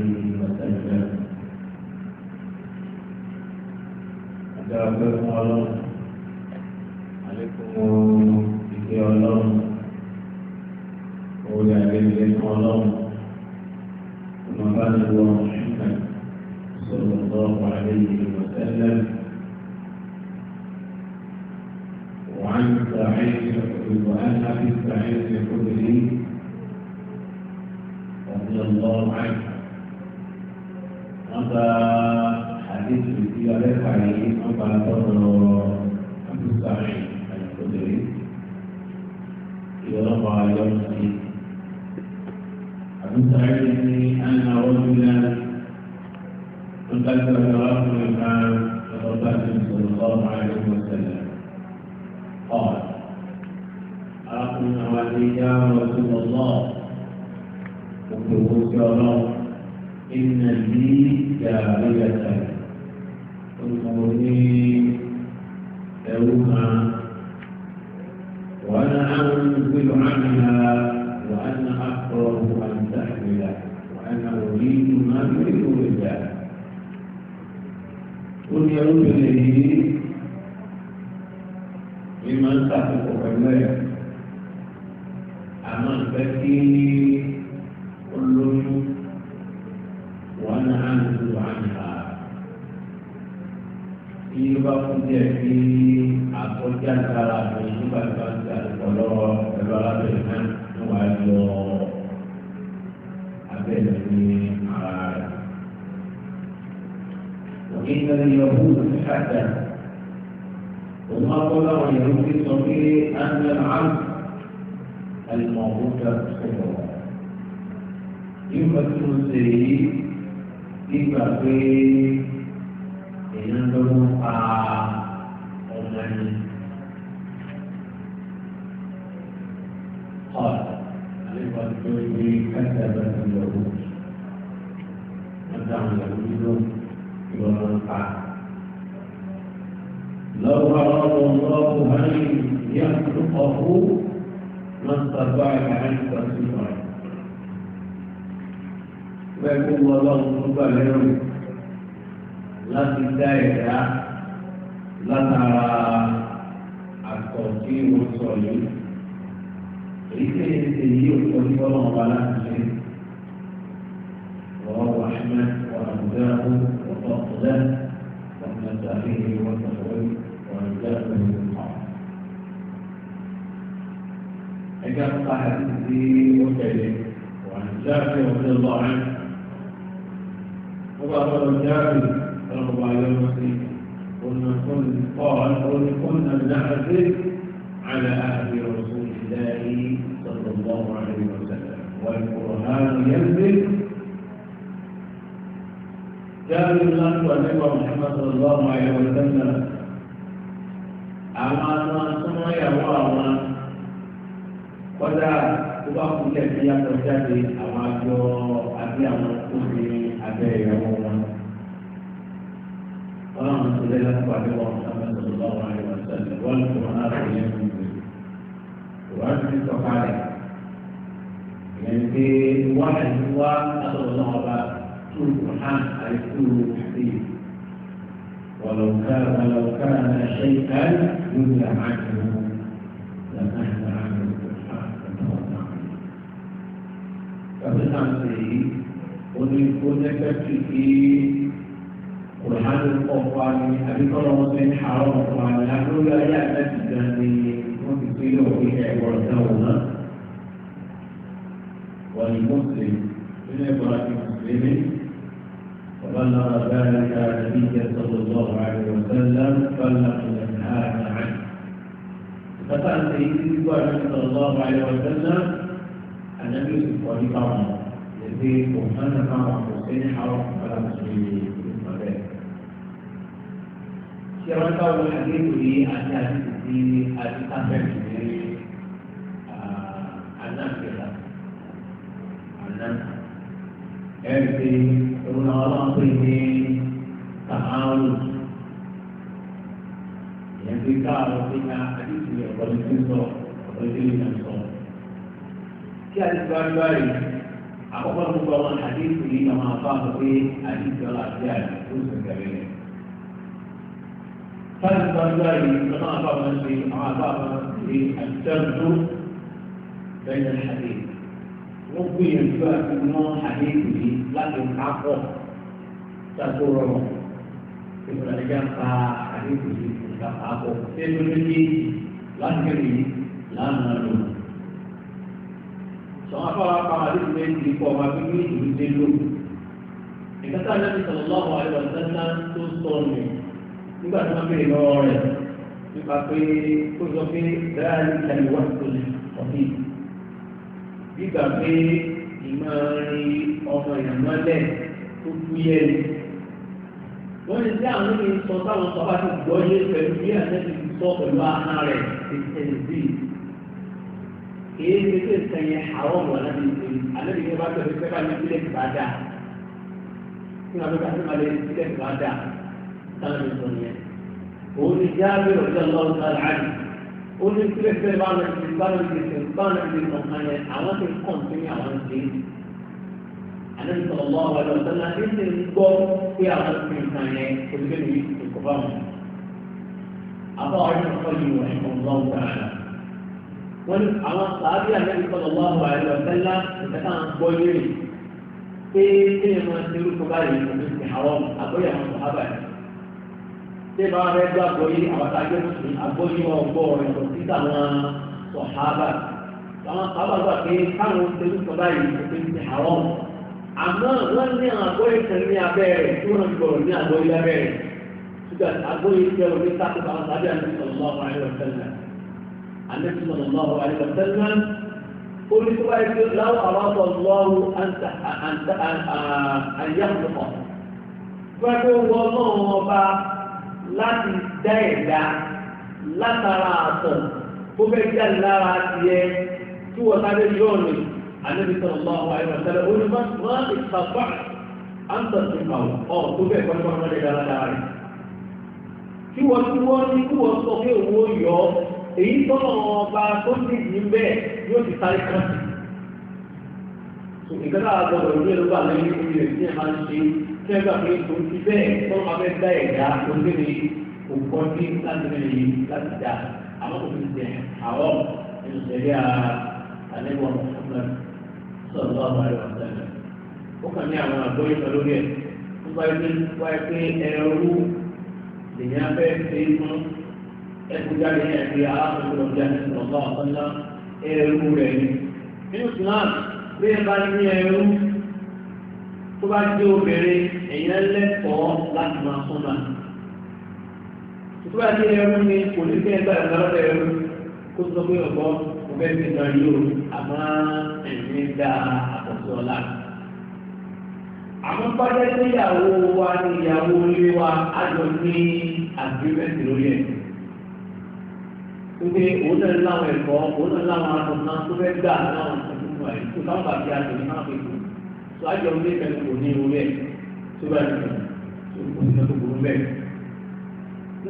عليه وسلم أجابكم الله عليكم بكي الله قول عليكم الله ثم قال هو محمد صلى الله عليه وسلم وعن سعيد وعن ابي سعيد الخدري رضي الله عنه gba àdéhùn ìdí ọlẹ́ka yìí wọ́n gba tọ́lọ àbúkárì àyẹ̀kọ́dẹ̀rẹ́ ìyọlọ́pàá ayọ́mọ̀sí. àbúkárì ní àná ọdúnlá tó dájú ọjọ́ ọkùnrin máa lọ́wọ́ bá ti sọ̀rọ̀ lọ́wọ́ àyẹ̀wò sẹ̀lẹ̀. ọ̀ arákùnrin àwọn àti ìyá ọ̀rọ̀ tó lọ́ lọ́ọ̀ òkè owó sí ọlọ́run. إن لي جارية أمرني يوما وأنا أنزل عنها وأنا أكره أن تحمل وأنا أريد ما تريد بالله قل يا رجلي ممن تحقق بالله أما بكيني bí ó bá kú díẹ̀ bí àkọjá sára mi nígbà tí wọ́n ti àlùkọ́lọ́ ẹ̀rọ alábẹ̀rẹ̀ náà ní wàá yọ abẹ́rẹ́ ní ara rẹ̀. òkè ìtàn ìyọ̀bù ṣáàjà òun akọ́lá wọn yẹ̀rù fi sọ pé andrew arms àlùmọ̀ òkúta sọ̀rọ̀. yóò fẹ́ kí mo ṣe yí nígbà pé. èèyàn lówó pa ọmọ ẹni. قال عليه الصلاة والسلام كذب اليهود ودعا اليهود ورفع لو أراد الله أن يخلقه ما استطاع أن تصفه ويقول الله تعالى láti dá ẹ̀dá látara àtọ̀ tí wọ́n sọ yìí. èyí tí èyí ti yí òkú ní bọ́lá ọba láti أحمد وأبو داود وطاقلة وابن التأخير والتحويل ورجاله من قال إجابة حديثي وكيله وعن الله عنه هو أبو الله عليه وسلم قلنا كن قال قل كنا على عهد رسول الله صلى الله عليه وسلم والقرآن ينزل كان الله ونبى محمد صلى الله عليه وسلم أما أن سمع يا kọjá tó bá kú lẹ́sìn yàtọ̀ jáde àwọn ورحمة الله وبركاته محمد صلى الله عليه وسلم والقرآن اليوم وأنت تفعله يعني في واحد هو أسأل الله بقى طول القرآن أي طول الحديث ولو كان ولو كان شيئا يبلى عنه لنهى عنه القرآن فتوضع فبالأمر قل كنت في kòlùmánì pọ̀ fún wa ní àbí kọ́lọ́ wọn fẹ́ àárọ̀ fún wa عبارتهما ولمسلم من àtàkì مسلم ni وبلغ ذلك النبي صلى الله عليه وسلم بلغ الانهاء عنه فسأل سيدي صلى الله عليه وسلم النبي صلى الله عليه وسلم يزيد ومن كان حسين حرام فلا مسلمين wọ́n bá wọn àdéhùn ní àti àdéhùn sí àti sáfẹ́ẹ̀tì ní àdáńkẹ́lá àdáńkẹ́lá ẹ̀ẹ́dì ìrùnà ọlọ́pẹ́ ní sàmáwò ìyẹn ti káàrọ̀ sí ká àdéhùn ọ̀pọ̀lọpọ̀ ti sọ ọ̀pọ̀lọpọ̀ ti sọ. kí àdéhùn wá báyìí àkọ́kọ́ gbogbo àwọn àdéhùn yìí làwọn afáàfọ́ pé àdéhùn ọlọ́pẹ́ àdéhùn tó sì kẹ̀lé فانت ذلك كما أعطانا في أعطانا في الدرس بين الحديث وفي الفات من حديثه لكن عقب تدور Ibùdó ẹ̀jẹ̀ ń pa àdéhùn yìí ìgbà àbọ̀. Ṣé ló ní kí láńkìrì yìí lánàá lò? Sọ̀rọ̀ afárá pa àdéhùn yìí ti kọ́ ọba bí ní ìlú dé lò. Ìgbésà náà ti sọ̀rọ̀ lọ́wọ́ àìwọ̀ sẹ́ńtà tó sọ̀rọ̀ nìyí. nígbà tí wọ́n béèrè lọ́wọ́ rẹ̀ nípa pé ó sọ pé dáhàlì ìtàlẹ̀ wà lórí ọ̀hìn gbígbà pé ìmọ̀ rin ọmọ ìrànlọ́lẹ̀ tó kú yẹ ni. wọ́n ní sí àwọn ní sọ táwọn sọ bá ti gbọ́ yé pẹ̀lú bí àtẹ́sí ti sọ pẹ̀lú ahọ́n rẹ̀ ètùtù sí i. èyí ti ṣe sẹ́yìn àwọn ọmọ alábi ṣe alábi ṣe bá tẹ̀lé pẹ́pà ní sílẹ̀ ìbàdà. kí wọ́n á bẹ́ẹ̀ bá tẹ̀lé sílẹ̀ ìbàdà. كان من دنيا وقول جابر رضي الله تعالى عنه قول كل في ان السلطان السلطان السلطان عوات القوم في عوات الدين النبي صلى الله عليه وسلم ليس القوم في عوات السلطان كل في الكفار أطاع ابن القيم رحمه الله تعالى wọn àwọn sàábíà Ànábì sallallahu alaihi wa sallam ìtẹ́ta ń gbọ́ yé rè pé kéèyàn máa ń ṣerú tó báyìí kò ní ti àwọn àgbóyàwó sàábà yìí. tí bá rẹ gbàgbọ́ yìí àbàtàjẹ́ mùsùlùmí àgbọ́yé ọgbọ́ rẹ̀ lọ sí àwọn sọ̀hábà àwọn sọ̀hábà gbà pé káwọn tẹ̀lé sọ̀bá yìí kò tẹ̀lé ti àrọ́ àmọ́ wọ́n ní àwọn àgbọ́yé kan ní abẹ́ rẹ̀ tí wọ́n gbọ̀rọ̀ ní àgbọ́yé lábẹ́ rẹ̀ ṣùgbọ́n àgbọ́yé jẹ́ orí sáfù àwọn sábẹ́ àdìsọ̀lọ́wọ́ àyẹ̀wò tẹ̀lé láti dá ẹ̀dá látara àtọ̀ tó fẹ́ jáde lára tiẹ̀ tí wọ́n sáré yọ̀ọ̀nì àdébí sọ̀rọ̀ bá wà ẹ̀rọ sẹ́lẹ̀ ó ní má má ìtàkùn àǹtọ̀tì màwù ọ̀ tó fẹ́ kọ́ nípa ọmọdé dáradára rẹ̀. kí wọ́n tí wọ́n ní kí wọ́n sọ pé owó yọ èyí tọ́nà ọba tó ní ìdí bẹ́ẹ̀ yóò ti sáré kọ́ọ̀tì. ìgbẹ́ta àgbọ̀dọ̀ ìlú ẹ̀rọ sẹ́gbà pé kò ti bẹ́ẹ̀ tọ́lọ́ máa fẹ́ dá ẹ̀dá òkèlè òkọ́dé láti rìn yìí láti dá àwọn òfin tẹ̀ àwọn ìṣẹ̀lẹ̀ àlẹ́wọ̀n ọ̀gbọ̀n sọ̀rọ̀ àwọn àlẹ́ ọ̀sẹ̀lẹ̀. ó kàn ní àwọn àgbọ̀yé kan lórí ẹ̀ ń bá ẹgbẹ́ wáyé pé ẹrú lèyìn abẹ́ ṣe é fún ẹkú jáde ní ẹgbẹ́ aláàbòrò jáde sọ̀rọ̀ ọ̀sán náà ẹrú rẹ̀ ní ẹrú tó bá jẹ́ obìnrin èèyàn lẹ́kọ̀ọ́ láti máa fún ma tó bá jẹ́ ẹrú ni kò ní fẹ́ gbà ẹ̀ka lọ́dọ̀ ẹrú kó sọ pé ọ̀gbọ́ mo fẹ́ fi kan yìí o àmọ́ ẹ̀mí dá àkọsọ ọ̀la. àwọn pàdé sí ìyàwó wa ni ìyàwó ilé wa á jọ ní àgbẹ̀mẹ̀tì lórí ẹ̀ pé òun náà láwọn ẹ̀kọ́ òun náà láwọn àtọ̀nà tó fẹ́ gbà láwọn ìṣẹ̀lẹ̀ fún ẹ̀ kó sábà bí a lè má fi kú tó a jọ ní ìfẹ́ kò ní irú bẹ́ẹ̀ tó bá ní tó kò sí tó burú bẹ́ẹ̀.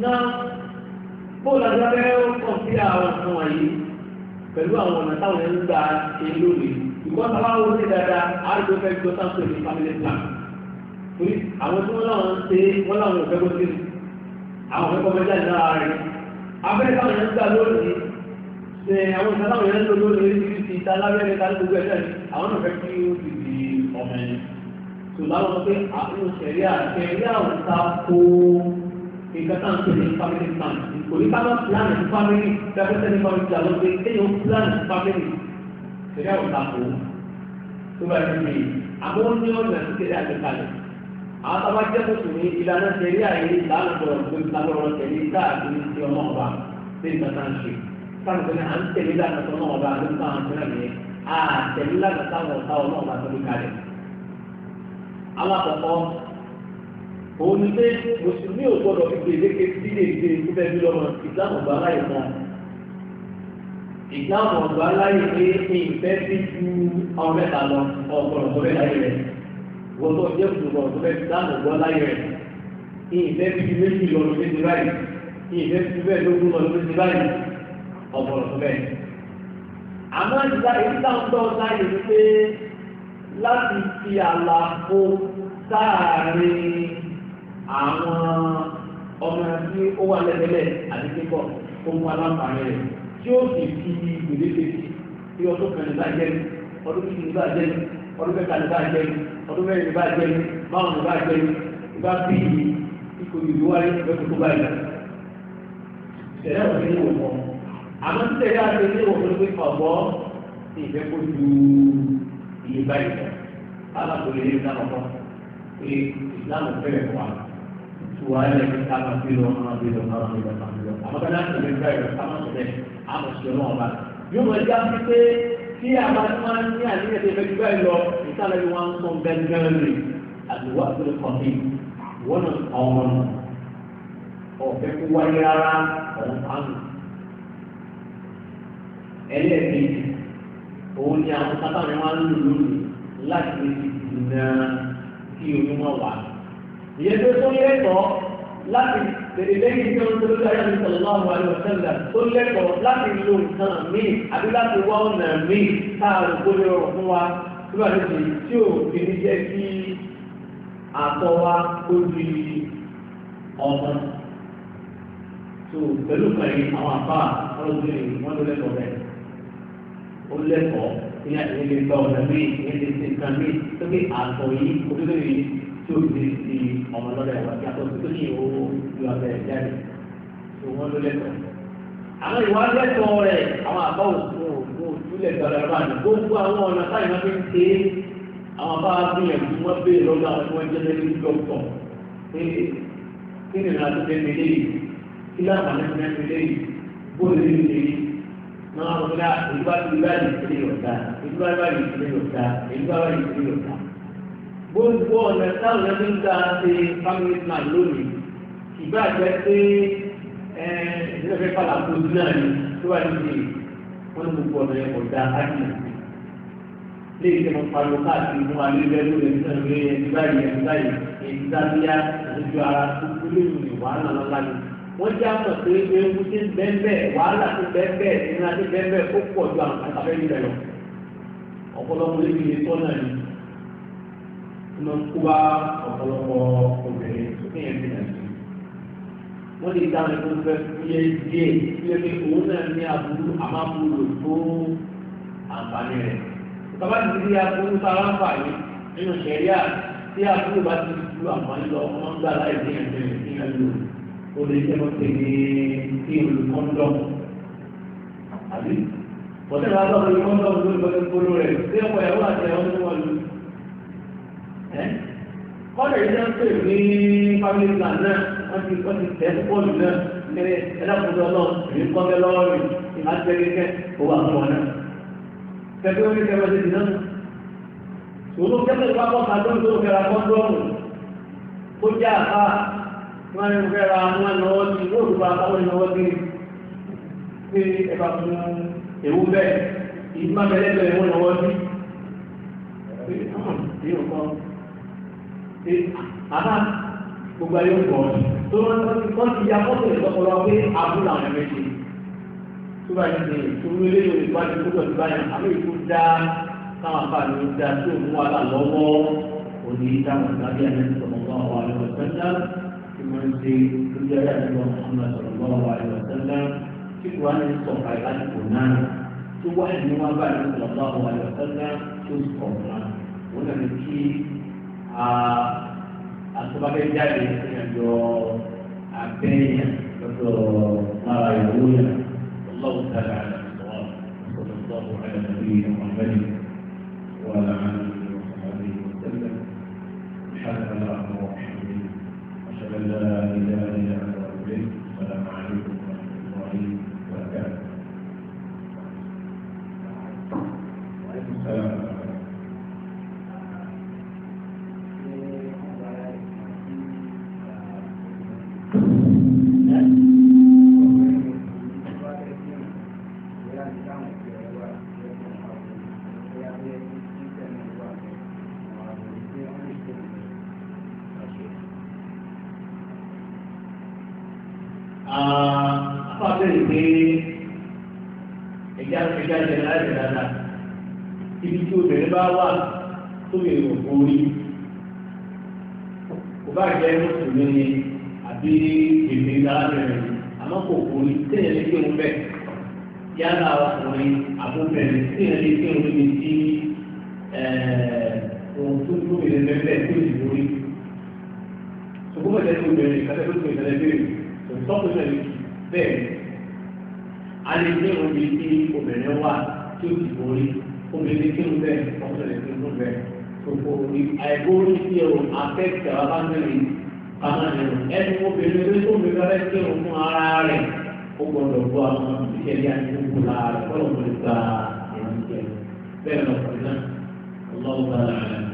na bóòlù àgbàbẹ́ kàn sí àwọn nǹkan wọ̀nyí pẹ̀lú àwọn ọ̀nà táwọn ẹni gba ṣe lónìí ìkọ́ sábà wo ní dáadáa a lè fẹ́ gbọ́ sáńpẹ̀ ní family plan torí àwọn tí wọ́n náà ń ṣe wọ́n láwọn òfẹ́ gbọ́dọ̀ sí àwọn òfẹ́ kọ́ mẹ́ta ìlànà rẹ̀ abẹ́rẹ́ táwọn ẹni gba lónìí ṣe àwọn ìtàláwọn ẹni lónìí ti ta lábẹ́rẹ́ ta ní gbogbo ẹ̀ṣẹ̀ ọmọ ẹni ṣùgbọ́n wọn pé àwọn ṣẹ̀ríà ṣẹ̀ríà ò ta kó nǹkan tá à ń pè ní family plan kò ní káwọn plan ní family dábẹ́sẹ̀ ní family plan ló pé kéèyàn plan ní family ṣẹ̀ríà ò ta kó tó bá ti di àwọn ní ọ̀nà tí ṣẹ̀ríà ti kalẹ̀ àwọn tábà jẹ́ tuntun ní ìlànà ṣẹ̀ríà yìí lánàá lọ́rọ̀ lọ́rọ̀ ṣẹ̀ríà káàkiri ti ọmọ ọba ní ìgbà sáwọn ìpínlẹ̀ à ń tẹ̀lé lánàá tó ọba àdúgbò àwọn ìpínlẹ̀ mi à alákọ̀ọ́kọ́ òun ni pé mùsùlùmí ò gbọdọ̀ fi gbèdéke sílé ìgbé ìgbé bí lọ́mọ ìsìlámù ọ̀gbà láyé náà ìsìlámù ọ̀gbà láyé pé ìfẹ́ sí ju ọmọ mẹ́ta lọ ọ̀gbọ̀rọ̀ tó bẹ́ẹ̀ láyé rẹ̀ wọ́n tó jẹ́ kùsùgbọ̀n tó bẹ́ẹ̀ ìsìlámù ọ̀gbà láyé rẹ̀ ìfẹ́ sí ju méjì lọ lóde ti báyìí ìfẹ́ sí ju bẹ́ẹ̀ lógún lọ lóde ti báyìí ọ̀gbọ̀rọ̀ tó bẹ́ẹ̀ àmọ́ ìsìlámù láti fi àlàfo sáàárín àwọn ọmọ tí ó wà lẹ́lẹ́lẹ́ àdínkẹ́kọ̀ ohun aláǹfààní rẹ̀ tí ó sì fi gbèdéke tí ọdún kan ní bá jẹ́ ọdún kìíní ní bá jẹ́ ọdún kẹta ní bá jẹ́ ọdún mẹ́rin ní bá jẹ́ márùn-ún ní bá jẹ́ ìgbà bí ikò ìlú wáyé lọ́dún tó báyìí. Ìṣẹ̀lẹ̀ òfin ní ìwòmọ̀. Àmọ́ títẹ̀ yára ṣe ní ìwòmọ̀ ló fi pàbọ́ ìfẹ́ kó ju ìlú báyìí alákòólé ní ìlànà kan pé ìlànà fẹ́rẹ̀ wà tuwa ẹ̀rẹ́ ní káma bí lọ máa bí lọ máa bí lọ máa bí lọ àmọ́ bẹ́ẹ̀ náà tẹ̀lé bẹ́ẹ̀ lọ káma tẹ̀lé àmọ̀ sí ọlọ́wọ́ bá yóò mọ̀ ẹja fi pé tí a bá ti máa ní àníyàn tẹ̀lé ju bẹ́ẹ̀ lọ ìsàlẹ̀ ni wọ́n ń sọ gẹ́gẹ́rẹ́ rẹ̀ àdùwà tó lè kọ́ mi wọ́n nà ọ̀run ọ̀fẹ́ kó wáyé rárá ọ̀run pàánù ẹlẹ́ẹ̀kejì òun ni àwọn sábà ní wọn lò lónìí láti dènà kí omi wọn wà. ìyẹn tó tó lẹ́tọ̀ọ́ láti tẹ̀lé lẹ́yìn tí wọ́n tó lórí ayélujára sọ̀rọ̀ náà wà ní ọ̀sẹ̀lẹ̀ tó lẹ́tọ̀ọ́ láti lo nǹkan míì àbí láti wá ọ̀nà míì káàrò gbólé ọ̀rọ̀ fún wa nígbà tó ti tí ò fi ní jẹ́ kí àtọ̀ wa kó di ọ̀sán. tó pẹ̀lú pẹ̀lú àwọn àbá ọlọ́dún yìí wọ́n tó lẹ́tọ̀ọ́ bẹ́ẹ̀ ó lẹ́kọ̀ọ́ ní àtìlẹ́ gba ọ̀nà míì ní ti ti kan míì tó bí àtọ̀ yìí onílé yìí tí ó ti di ọmọ lọ́dọ̀ ẹ̀wà tí a tó tó ní owó ju abẹ́ ẹ̀ jáde tó wọ́n ló lẹ́kọ̀ọ́. àwọn ìwà lẹ́kọ̀ọ́ rẹ̀ àwọn àbá òkú òkú òtúlẹ̀ gbàdúrà ní gbogbo àwọn ọ̀nà táyì máa fi ń ṣe é àwọn bá gbìyànjú wọn béèrè lọ́dọ̀ àwọn tí wọ́n jẹ́ ni ìrìnàjò tẹ́ mi léyìí kí láǹfààní tẹ́ mi léyìí bó lè ní náà wọn bá ìgbà ìgbà ìdílé yọ̀ọ̀ta ìgbà ìgbà ìdílé yọ̀ọ̀ta ìgbà ìgbà ìdílé yọ̀ọ̀ta. gbogbo ọ̀nà táwọn ẹbí ń gbà ṣe family plan lónìí ìgbà jẹ́ pé ìdílẹ̀fẹ́ padà tó dún náà ni tó wà níbi wọn ní gbogbo ọ̀nà ọ̀dà ájú lè ṣe mo pariwo káàkiri fún wa ní ilé lórí ẹni sọ̀rọ̀ lórí ẹni báyìí ẹni báyìí èyí dábíyá ìdójú ara gbogbo lórí wàhálà lọ́la ni wọ́n já mọ̀ pé ewu ti ń bẹ́ẹ̀ wàhálà ti bẹ́ẹ̀ ìnira ti bẹ́ẹ̀ ó pọ̀ ju àwọn àtàfẹ́ nílẹ̀ lọ ọ̀pọ̀lọpọ̀ lébi lè tọ́ náà ni wọ́n máa ń kó bá ọ̀pọ̀lọpọ̀ obìnrin tó kéèyàn bí náà sí wọ́n lè dáhùn ẹ̀kọ́ fẹ́ fúyẹ́ díẹ̀ fúyẹ́ pé òun náà ní aburú àmàbúrò tó àǹfààní rẹ̀ bàbá ti di aburú sára ń fà yìí nínú sẹ̀ríà tí aburú bá ti ju àǹfààní lọ wọ́n gbà láì ní ẹ̀jẹ̀ ìpínlẹ̀ lónìí obìnrin tó ti ní ìlú kọ́ńdọ̀mù àbí wọ́n tẹ̀lé àbá òní kọ́ńdọ̀mù ló lọ́ọ́ gbóló rẹ̀ sí ọ̀pọ̀ ẹ̀rọ àti ẹ̀rọ tó wọ́n lu kọ́ńdọ̀ yìí náà pè ní family plan náà wọ́n ti wọ́n ti tẹ̀ bọ́ọ̀lù náà kéré ẹlẹ́kùnrin ọlọ́ọ̀ èmi kọ́ńdọ̀ lọ́wọ́ mi ìhàjẹ́gẹ́gẹ́ owó àtọwọ́ náà tẹ̀gbẹ́ wọn ní kẹfẹ́ ti dì náà sòwò kẹfẹ́ ìpapọ̀ kàdó wọ́n ní fẹ́ra wọn lọ́wọ́ sí lóòrùn bá táwọn ìnáwó sí pé ẹ̀bà fún ewu bẹ́ẹ̀ ìgbà bẹ́ẹ̀ bẹ́ẹ̀ wọ́n lọ́wọ́ sí àbá gbogbo ayé ń bọ̀ tó wọ́n ti ya fọ́tò ìlọ́pọ̀lọ́ pé abúlé àwọn ẹ̀mẹ́ ṣe tó bá ti dèrè tó wí lé lórí ìwádìí tó tọ̀ sí báyìí àmọ́ ìkú dá káwọn bá mi dá tó mú wa lọ́wọ́ òní tí wọ́n ń ṣe lórí ẹ̀dá nígbà Muhammad sallallahu alaihi wasallam tí kò wá ní sọ̀kà ìbáṣepọ̀ náà tó wá ní wọn bá ní sallallahu alaihi wasallam tó sọ̀ wọn. wọ́n kí àtọ́báfẹ́ jáde ìrìnàjò abẹ́yẹn lọ́dọ̀ mara ìwúyà lọ́wọ́ sára àlọ́ sọ̀rọ̀ sọ̀rọ̀ àlọ́ لا إله إلا tó lè rò borí kò bá jẹ́ mùsùlùmí ni àbí èdè alábẹ̀rẹ̀ àmọ́ kò borí téèyàn lè kéwọn bẹ́ẹ̀ yálà ọkùnrin àbúbẹ̀rẹ̀ téèyàn lè kéwọn níbi tí ohun tó tó lè bẹ́ẹ̀ tó lè borí ṣùgbọ́n bẹ́ẹ̀ tó bẹ̀rẹ̀ kátà tó lè bẹ̀rẹ̀ bẹ̀rẹ̀ tó tọ́ tó lè bẹ́ẹ̀ a lè kéwọn níbi tí obìnrin wà tí ó ti borí obìnrin kéwọn bẹ́ẹ̀ ọkùnrin kéwọn bẹ́ẹ̀ àìkórí sí ẹ̀rọ afẹ́kẹ̀ alámẹ́rin amáyẹ̀rọ ẹni obìnrin tó tó bẹ̀rẹ̀ rẹ̀ kí o fún ara rẹ̀ ó gbọ́dọ̀ bọ́ àwọn ìṣẹ̀lẹ̀ àtúntò lára rẹ̀ kọ́lọ̀ mọ̀ ẹ̀rọ ìjẹun bẹ́ẹ̀ lọ́kùnrin náà ọlọ́wọ́ bá rẹ̀.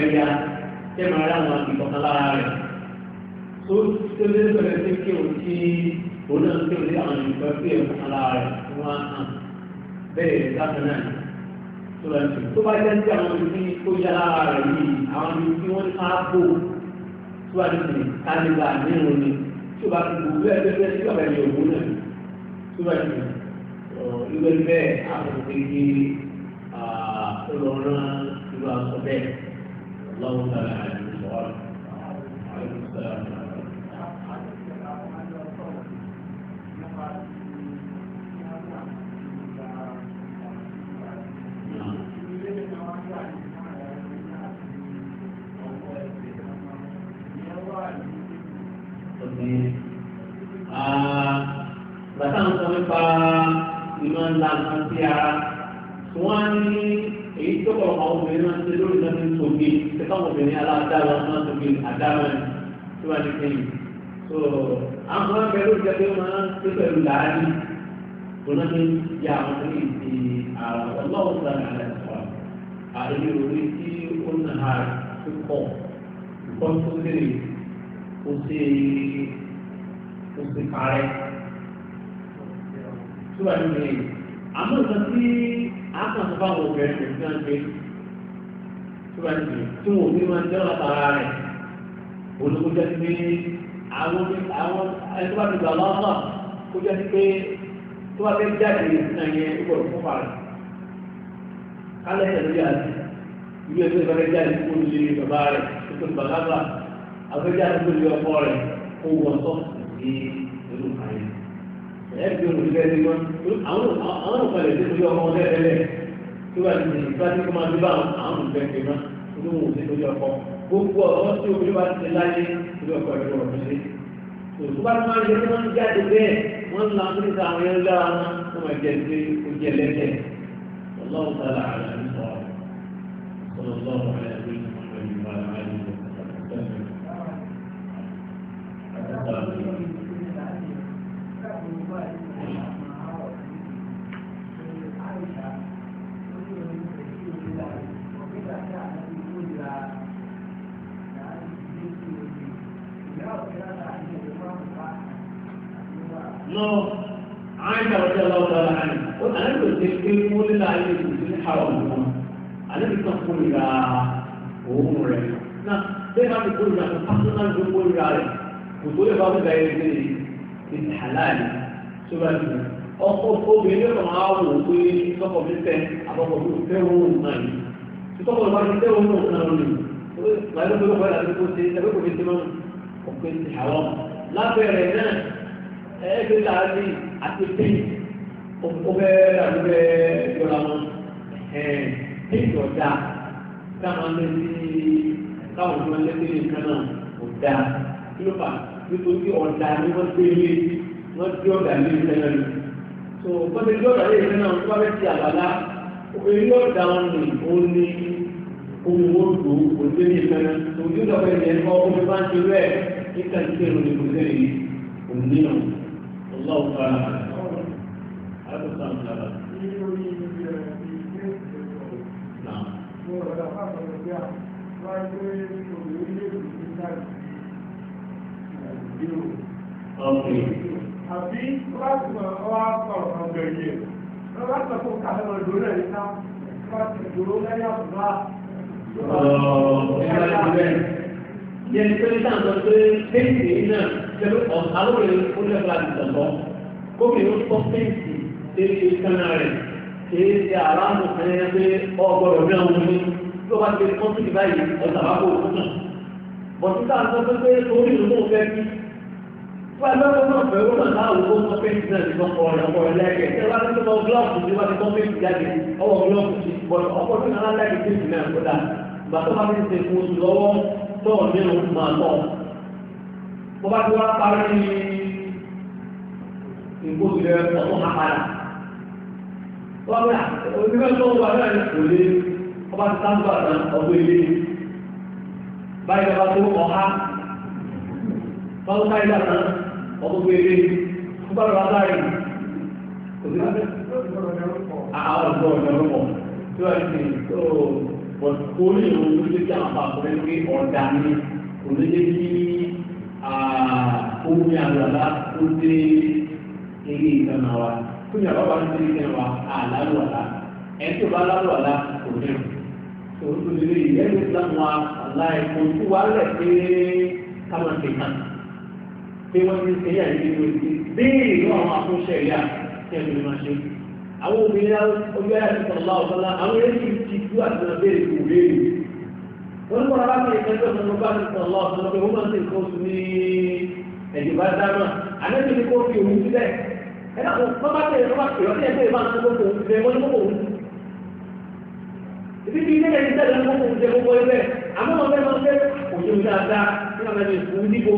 rẹ̀ ya tẹ́ máa rá wọn ìkọ̀kan lára rẹ̀ tó tó lé pẹ̀lẹ́ pé kí o ti òun náà tó lé àwọn ìkọ̀ pé ìkọ̀kan lára rẹ̀ wọn hàn bẹ́ẹ̀ láti náà tó lọ sí tó bá jẹ́ sí àwọn ibi tó yá lára rẹ̀ yìí àwọn ibi tí wọ́n á bò tó bá ti sìn nínú ni tó bá ti bò bẹ́ẹ̀ bẹ́ẹ̀ bẹ́ẹ̀ tó bá ti òun náà tó bá ti ìwé bẹ́ẹ̀ àpòtò ìdí ọlọ́run ìlú àkọ́bẹ́ẹ̀. اللهم لا عليكم السلام ṣe kéyìn so àwọn akẹ́lẹ́ òjò pé wọ́n máa ń ṣe pẹ̀lú làálì tòun ní ya àwọn tó lè di àwọn ọlọ́run sára àlẹ́ sọ̀rọ̀ àdébí orí tí ó nà á tó pọ̀ nǹkan tó lè ó ṣe ó ṣe parẹ́ tó wà nínú yìí àmọ́ nǹkan tí àkànṣe báwọn obìnrin kò fi hàn tó wà nínú yìí tí wọn ò fi máa ń jẹ́ ọ̀tara rẹ̀ olùkó jẹ́ pé àwọn ẹni tó bá ti gbà lọ́wọ́ náà kó jẹ́ pé tó bá fẹ́ jáde ìsìn àyẹ ìgbọ̀rọ̀ fún wa kálẹ̀ ẹ̀rọ yà sí ìwé ẹgbẹ́ ìfẹ́ jáde kó lè bàbá rẹ̀ tó tó bàlágà àfẹ́jáde kó lè ọkọ rẹ̀ kó wọ sọ́ọ̀sì sí ìlú ayé ẹ̀ẹ́dì olùkọ́ ẹni wọn àwọn olùkọ́ lè dé ọmọ ọ̀rẹ́ ẹlẹ́ tó bá ti di ìgbà tí kò gbogbo ọ̀rọ̀ tí omi bá ti láyé ìlú ọ̀pọ̀ ìlú ọ̀rọ̀ sí. Òṣùpá tí wọ́n yẹ kí wọ́n jáde bẹ́ẹ̀ wọ́n ń lan fún àwọn ẹ̀rọ lára wọn wọ́n máa jẹ pé ó Ọlọ́run tààlà àlàyé sọ̀rọ̀. Ọlọ́run tààlà mọ́ àìsàn ọjọ́ ọlọ́dọ̀ láàrin ó àlejò ṣe pé wọ́n lé láàyè ìdílé àwọn ọmọ àlejò kan fún ìlà òun rẹ̀ náà bẹ́ẹ̀ máa ti kó ìlà tó pásítọ́ náà ló kó ìlà rẹ̀ kò tó lè bá wọ́n gbàyè ṣe ìtàláàlì tó bá ti ọkọ̀ obìnrin náà máa wò ó pé tọkọ̀ mi fẹ́ àbọ̀kọ̀ tó fẹ́ òun náà yìí tí tọkọ̀ bá ti fẹ́ òun náà lónìí wọ́n ló fẹ́ lọ́kọ̀ láti kó ṣe ẹgbẹ́ kò ní ti máa ń ọ̀pẹ́ ti àwọn lábẹ́rẹ̀ náà ẹgbẹ́ láàrí àti pẹ́yì ọgbẹ́ àgbẹ́ ìjọra wọn ní ìjọba táwọn lé sí táwọn tó lé sí nìkan náà kò kí ló fà nítorí ọ̀dà ni wọ́n gbé lé wọ́n gbé ọ̀dà lé ìfẹ́ náà ni tó wọ́n ti gbé ọ̀dà lé ìfẹ́ náà wọ́n fẹ́ ti àbálá èyí ọ̀dà wọn ni òun ni ohun wo lò ó lé ní ìfẹ́ náà òun yóò lọ́wọ́ ẹ̀yẹ kọ́ omi máa ń ṣe rẹ̀ nígbà tí kí ẹ̀rọ ni kò lè rí òun lọ́wọ́ fara àdùsá ń dára. Àbí láti mọ̀ ọ́ àpàrọ̀ ọ̀gbẹ̀ yìí, láti mọ̀ ọ́ kàfẹ́ lọ dúró rẹ̀ níta, láti dúró lẹ́yà bùbá. Ọ̀rọ̀ ẹ̀rọ ìgbẹ́. Yẹ́n pé sáà lọ pé kéèkì náà pẹ̀lú ọ̀sálóore ó lẹ́gbà ìtọ̀tọ̀ gómìnà tó fẹ́ǹsì lérí kánà rẹ̀ kìí ṣe aráàlú kan yẹn pé ọgbọ̀rọ̀ bí àwọn ọmọdé tó bá ti kọ́ sí báyìí ọ̀sà bá kó òkú náà bọ̀tí tá à ń sọ pé orí ìlú tó fẹ́ kí wọ́n ẹgbẹ́ wọn náà fẹ́ wọn náà láwùjọ tó sọ pé ìdílé ti kọ́ ọ̀rọ̀ ọ̀pọ̀ ẹlẹ́gẹ̀ẹ́ ṣé wọ́n á ti sọ gíláàsì tí wọ́n ti kọ́ fẹ́ǹsì jáde ọwọ́ gíláàsì ti bọ̀tí ọkọ̀ tó náà láì bó bá ti wá parí nǹkó ah, ti rẹ ọ̀tún àpárá wọ́n bá onígbà wà náà ní òde wọ́n ti sáńgbà náà ọdún ilé báyìí bá tó ọ̀há wọ́n sáyé bàtà ọdún ilé wọ́n lọ́wọ́ sáyé kò ah, àwọn ọ̀dọ́ ọ̀dọ́ tí wọ́n ti tó bọ̀dù kórìí òun ló lè jẹ́ àpapọ̀ ẹgbẹ́ ọ̀dà ní òun lè omi àgbàlá ó dé ilé ìtànà wa tó ní àbábá ń dé ilé wa àlálù àlá ẹni tó bá lálù àlá kò ní o tó lè lè yẹ ní islam wa àlá ẹ̀kọ́ tó wà lẹ̀ pé káwọn ti hàn pé wọ́n ti ṣe yàrá ìdílé wọn ti béèrè ní àwọn akóṣe ìyá tí ẹni lè máa ṣe àwọn obìnrin ojú ayé àti sọ̀rọ̀ láwùjọ àwọn eré ti ti tú àti náà kò béèrè onímọ̀ aláàbò ìtẹ́jọ́ ìṣẹ́jú bá ti sọ̀rọ̀ lọ sọ̀rọ̀ pé wọ́n ti kó sí ẹ̀jẹ̀ bá dáná àlejò ni kó fi òun sílẹ̀ ẹ náà wọ́n bá tẹ̀lé wọ́n bá pè ọ́ ní ẹgbẹ́ ìbá ní kókò òun sílẹ̀ wọ́n ní kókò òun. ìdí bíi ilé ẹ̀jẹ̀ tẹ̀lé kókò òun sílẹ̀ gbogbo ẹgbẹ́ àmọ́ wọn fẹ́ wọn fẹ́ òun dáadáa nígbà mẹ́ta ìfowó níbo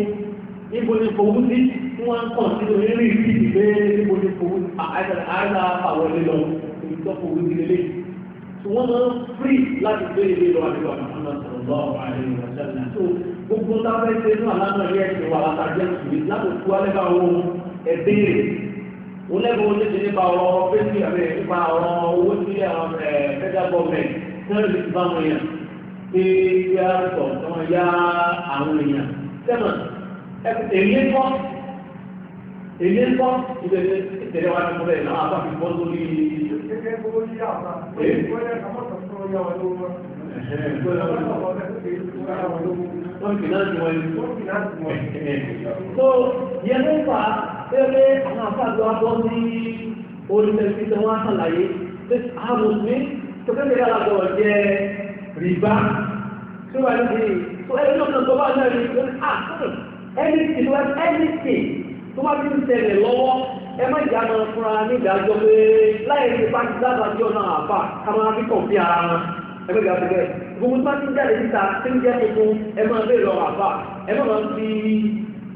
níbo ni fowó sí tí wọ́n ń kàn sí orí rí ìdílé níbo ni fowó àìsàn àìsàn àwọlé lọ ìtọ́fowó ìdílé tí wọ́n máa ń fírí láti gbé ilé lọ àdúgbò àmàlà sọ̀rọ̀ àìrìn ìwọ̀sẹ̀lẹ̀ tó gbogbo táwọn ẹgbẹ́ inú àlámọ̀ yẹ ti wà látàjẹ́ ìwé látòkú alẹ́bà ohun ẹ̀bẹ́rẹ̀ wọn lẹ́gbẹ̀ wọn léde nípa ọ̀rọ̀ fẹ́ẹ́sì àbẹ̀ nípa ọ̀rọ̀ owó sí eh, federal government tẹ́lẹ̀ ti bá wọn yàn pé yá sọ̀ tán yá àwọn èèyàn sẹ́mọ̀ ẹ̀yẹ́ kọ́ èmi ń kọ́ ilé ìtẹ̀lé wa ní mo bẹ̀rẹ̀ náà àbá mi bọ́ lórí. gẹ́gẹ́ bó yí àbá ìgbọ́lẹ̀ àmọ́tàn tó yá wa lówó. Wọ́n fi náà ti wọ́n yìí. So, yẹn ló fà á pé àwọn àfáàgbọ́ abọ́ ní orí tẹ̀sí tí wọ́n á ṣàlàyé. Àwọn òṣèré tó fẹ́ fẹ́ alágbọ̀ jẹ́ rìbá. Tí wọ́n ti rí, so ẹni tó ń sọ bá náà rí, ó ní àkókò, ah, hmm, anything, anything tó bá ti ń tẹ̀lẹ̀ lọ́wọ́ ẹ má jà máa fúnra ní ìdájọ́ pé láì ní bá ti dábàájọ́ náà àfà ká máa fi kàn fi ara wọn ẹgbẹ́ ìgbà bẹ́ẹ̀ gbogbo tó bá ti ń jáde níta tí ń jẹ́ tuntun ẹ máa bẹ́ẹ̀ lọ àfà ẹ má máa fi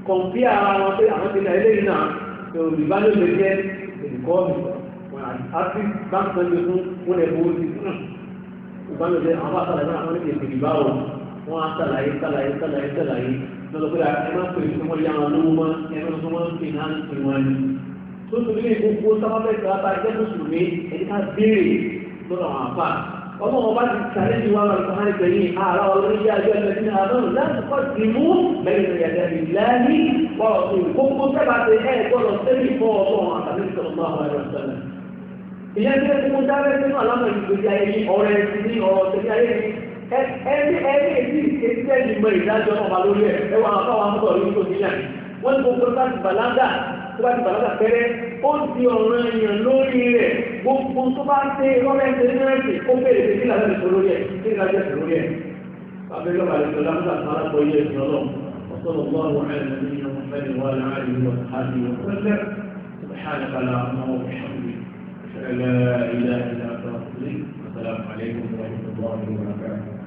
kàn fi ara wọn pé àwọn ti náà eléyìí náà yorùbá ló jẹ́ olùkọ́ mi àti báńkì tó tún wọn lè fowó sí hmm. ìbánilẹ̀ àwọn àtàlẹ́ náà wọn lè lọ́dọ̀gbọ́dà ẹ máa pè fún ọmọdé àwọn olówó mọ́ ẹ máa fún wọn pè náà pè wọn ni. tó tó ní gbogbo sábàbẹ́sì wa bá jẹ́ mùsùlùmí ẹni ká béèrè lọ́dọ̀ àwọn àfà ọmọ wọn bá ti sàlẹ̀ ní wàhálà ìfọ̀n hàn ìgbẹ̀yìn àrà olóyè àjọ ìgbẹ̀yìn àdánù láti kọ́ sí mú lẹ́yìn ìyàtẹ̀ ìlànì ọ̀sùn gbogbo sábà ti ẹ̀ gbọ́dọ̀ sẹ́yìn fún ọgbọ́n àtàlẹ́ ìsọ̀rọ̀ máa wà lọ́sọ̀rọ̀ ìyẹn tí mú dábẹ́ sínú ẹni ẹni èyí ètò ẹni mọ ìdájọ́ ọba lórí ẹ ẹwà àbáwọn àbúrò lórí tó nílẹ̀ wọn ní gbogbo láti bàlágà tó bá ti bàlágà pẹrẹ ó di ọ̀ràn èèyàn lórí rẹ gbogbo tó bá ṣe rọmẹsẹ rẹmẹsẹ ó bẹ̀rẹ̀ sí kí làwọn èso lórí ẹ kí làwọn èso lórí ẹ. abẹ́lẹ́ ọba àlejò lámúdà fún alákọ̀ ilé ẹ̀sìn ọlọ́run وصلى الله على نبينا محمد وعلى اله وصحبه وسلم سبحانك اللهم وبحمدك لا اله الا انت السلام عليكم ورحمه الله وبركاته